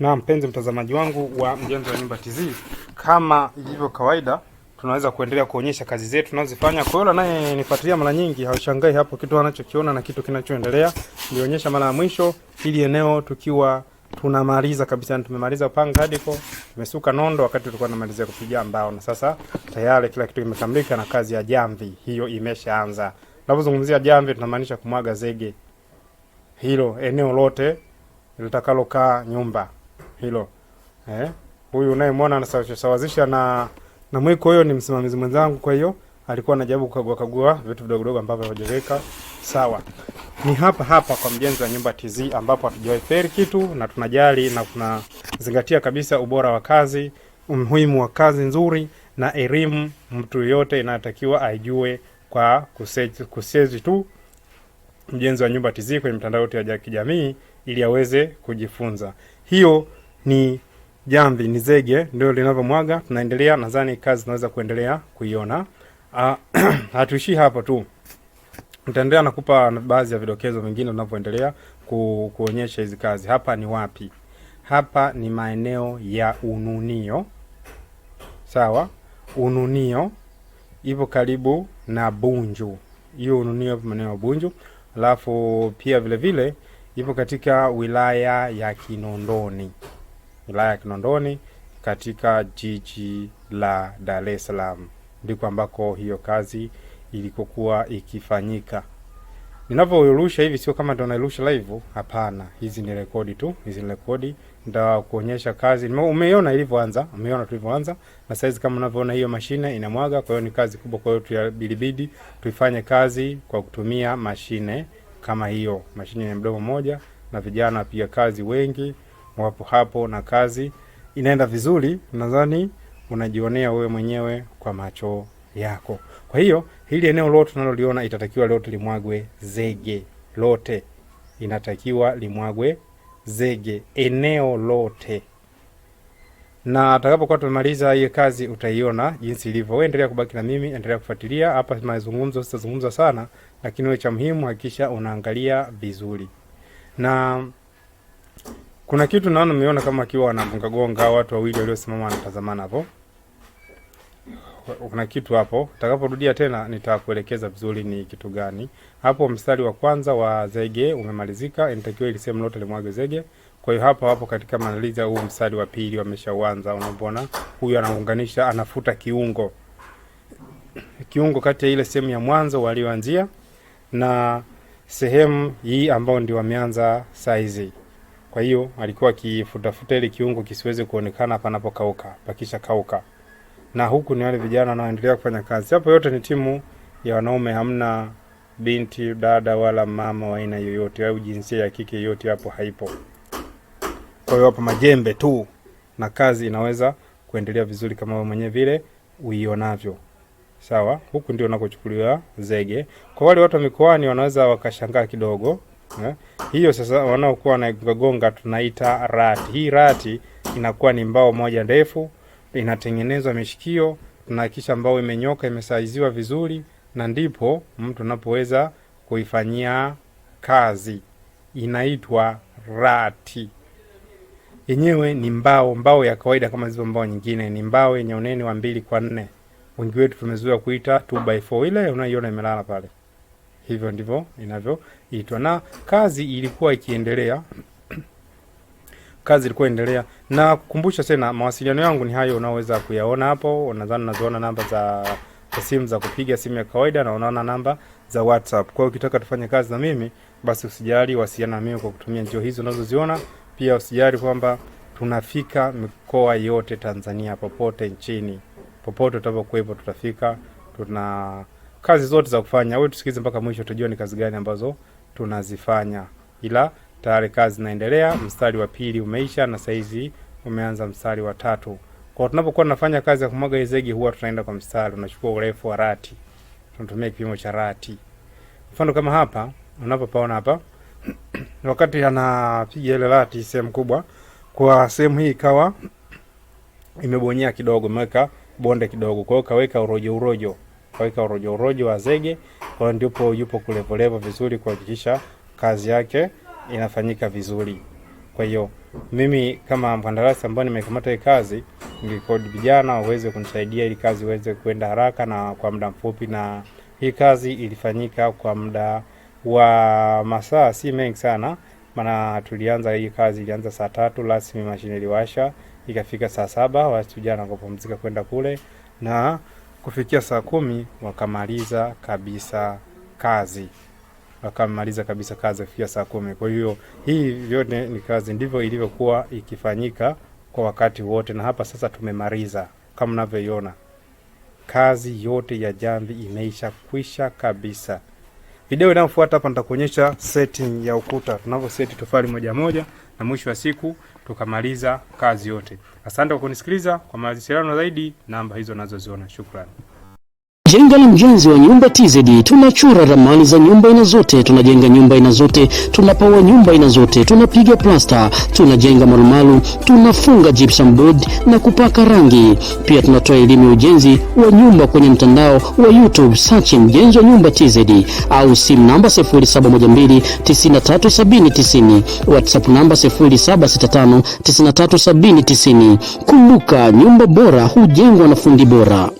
Na mpenzi mtazamaji wangu wa Mjenzi wa Nyumba TZ, kama ilivyo kawaida, tunaweza kuendelea kuonyesha kazi zetu tunazofanya. Kwa hiyo naye nifuatilia mara nyingi, haushangai hapo kitu anachokiona na kitu kinachoendelea. Nilionyesha mara ya mwisho ili eneo tukiwa tunamaliza kabisa, tumemaliza upanga hadi hapo, tumesuka nondo wakati tulikuwa tunamalizia kupiga mbao, na sasa tayari kila kitu kimekamilika na kazi ya jamvi hiyo imeshaanza. Tunapozungumzia jamvi, tunamaanisha kumwaga zege hilo eneo lote litakalokaa nyumba hilo eh. Huyu unayemwona anasawazisha na na mwiko, huyo ni msimamizi mwenzangu, kwa hiyo alikuwa anajaribu kukagua kagua vitu vidogo vidogo ambavyo hawajaviweka sawa. Ni hapa hapa kwa mjenzi wa nyumba TZ ambapo hatujawahi feri kitu, na tunajali na tunazingatia kabisa ubora wa kazi, umuhimu wa kazi nzuri na elimu. Mtu yoyote inatakiwa aijue kwa kusezi tu mjenzi wa nyumba TZ kwenye mitandao yote ya kijamii ili aweze kujifunza hiyo ni jamvi, ni zege ndio linavyomwaga. Tunaendelea, nadhani kazi tunaweza kuendelea kuiona. Ah, hatuishii hapo tu, nitaendelea nakupa baadhi ya vidokezo vingine tunavyoendelea ku, kuonyesha hizi kazi. Hapa ni wapi? Hapa ni maeneo ya Ununio, sawa. Ununio ipo karibu na Bunju, hiyo Ununio ipo maeneo ya Bunju, alafu pia vilevile ipo katika wilaya ya Kinondoni wilaya ya Kinondoni katika jiji la Dar es Salaam, ndiko ambako hiyo kazi ilikokuwa ikifanyika. Ninavyorusha hivi sio kama ndo nairusha live, hapana. Hizi ni rekodi tu, hizi ni rekodi ndakuonyesha kazi. Umeiona ilivyoanza, umeiona tulivyoanza na saizi, kama unavyoona hiyo mashine inamwaga. Kwa hiyo ni kazi kubwa, kwa hiyo tubilibidi tuifanye kazi kwa kutumia mashine kama hiyo. Mashine ni mdomo mmoja na vijana pia kazi wengi wapo hapo na kazi inaenda vizuri, nadhani unajionea wewe mwenyewe kwa macho yako. Kwa hiyo hili eneo lote tunaloliona itatakiwa lote limwagwe zege, lote inatakiwa limwagwe zege, eneo lote na atakapokuwa tumemaliza hiyo kazi utaiona jinsi ilivyo. Wewe endelea kubaki na mimi, endelea kufuatilia hapa. Mazungumzo sitazungumza sana, lakini wewe cha muhimu hakikisha unaangalia vizuri na kuna kitu naona nimeona kama akiwa wanagonga gonga watu wawili waliosimama wanatazamana hapo. Kuna kitu hapo, nitakaporudia tena nitakuelekeza vizuri ni kitu gani. Hapo mstari wa kwanza wa zege umemalizika, inatakiwa ile sehemu lote limwage zege. Kwa hiyo hapo hapo katika maandalizi huu mstari wa pili wameshaanza. unaona huyu anaunganisha, anafuta kiungo kiungo kati ya ile sehemu ya mwanzo walioanzia na sehemu hii ambayo ndio wameanza saizi. Kwa hiyo alikuwa akifutafuta ile kiungo kisiweze kuonekana panapokauka, pakisha kauka. Na huku ni wale vijana wanaoendelea kufanya kazi. Hapo yote ni timu ya wanaume, hamna binti, dada wala mama wa aina yoyote au jinsia ya kike yoyote hapo haipo. Kwa hiyo hapo majembe tu na kazi inaweza kuendelea vizuri kama wewe mwenyewe vile uionavyo. Sawa, huku ndio unakochukuliwa zege. Kwa wale watu wa mikoani wanaweza wakashangaa kidogo Eh? Hiyo sasa wanaokuwa wanagonga tunaita rati. Hii rati inakuwa ni mbao moja ndefu, inatengenezwa mishikio, tunahakikisha mbao imenyoka, imesaiziwa vizuri, na ndipo mtu anapoweza kuifanyia kazi. Inaitwa rati. Yenyewe ni mbao, mbao ya kawaida kama zilivyo mbao nyingine, ni mbao yenye unene wa mbili kwa nne. Wengi wetu tumezoea kuita 2 by 4 ile unaiona imelala pale. Hivyo ndivyo inavyoitwa, na kazi ilikuwa ikiendelea kazi ilikuwa endelea, na kukumbusha tena, mawasiliano yangu ni hayo, unaweza kuyaona hapo. Nadhani unaziona namba za simu za kupiga simu ya kawaida na unaona namba za WhatsApp. Kwa hiyo ukitaka tufanye kazi na mimi, basi usijali, wasiliana na mimi kwa kutumia njia hizo unazoziona. Pia usijali kwamba tunafika mikoa yote Tanzania, popote nchini, popote tutapokuwepo tutafika tuna kazi zote za kufanya. Wewe tusikize mpaka mwisho, tujue ni kazi gani ambazo tunazifanya, ila tayari kazi zinaendelea. Mstari wa pili umeisha na saizi umeanza mstari wa tatu. Kwa tunapokuwa tunafanya kazi ya kumwaga zege, huwa tunaenda kwa mstari, unachukua urefu wa rati, tunatumia kipimo cha rati. Mfano kama hapa unapopaona hapa, wakati anapiga ile rati sehemu kubwa, kwa sehemu hii ikawa imebonyea kidogo, imeweka bonde kidogo, kwa hiyo kaweka urojo urojo kaweka urojo urojo wa zege. Kwa hiyo ndipo yupo kulevolevo vizuri kuhakikisha kazi yake inafanyika vizuri. Kwa hiyo mimi kama mkandarasi ambaye nimekamata hii kazi, ningekodi vijana waweze kunisaidia ili kazi iweze kwenda haraka na kwa muda mfupi, na hii kazi ilifanyika kwa muda wa masaa si mengi sana, maana tulianza hii kazi ilianza saa tatu rasmi mashine iliwasha, ikafika saa saba watu vijana wakapumzika kwenda kule na kufikia saa kumi wakamaliza kabisa kazi wakamaliza kabisa kazi kufikia saa kumi. Kwa hiyo hii vyote ni kazi, ndivyo ilivyokuwa ikifanyika kwa wakati wote, na hapa sasa tumemaliza kama mnavyoiona, kazi yote ya jamvi imeisha kwisha kabisa. Video inayofuata hapa nitakuonyesha setting ya ukuta, tunavyo seti tofali moja moja, na mwisho wa siku tukamaliza kazi yote. Asante kwa kunisikiliza. Kwa mawasiliano zaidi, namba hizo nazoziona. Shukrani. Jenga ni mjenzi wa nyumba TZD, tunachora ramani za nyumba aina zote, tunajenga nyumba aina zote, tunapaua nyumba aina zote, tunapiga plasta, tunajenga marumaru, tunafunga gypsum board na kupaka rangi. Pia tunatoa elimu ya ujenzi wa nyumba kwenye mtandao wa YouTube, search mjenzi wa nyumba TZD au simu namba 0712937090, WhatsApp namba 0765937090. Kumbuka, nyumba bora hujengwa na fundi bora.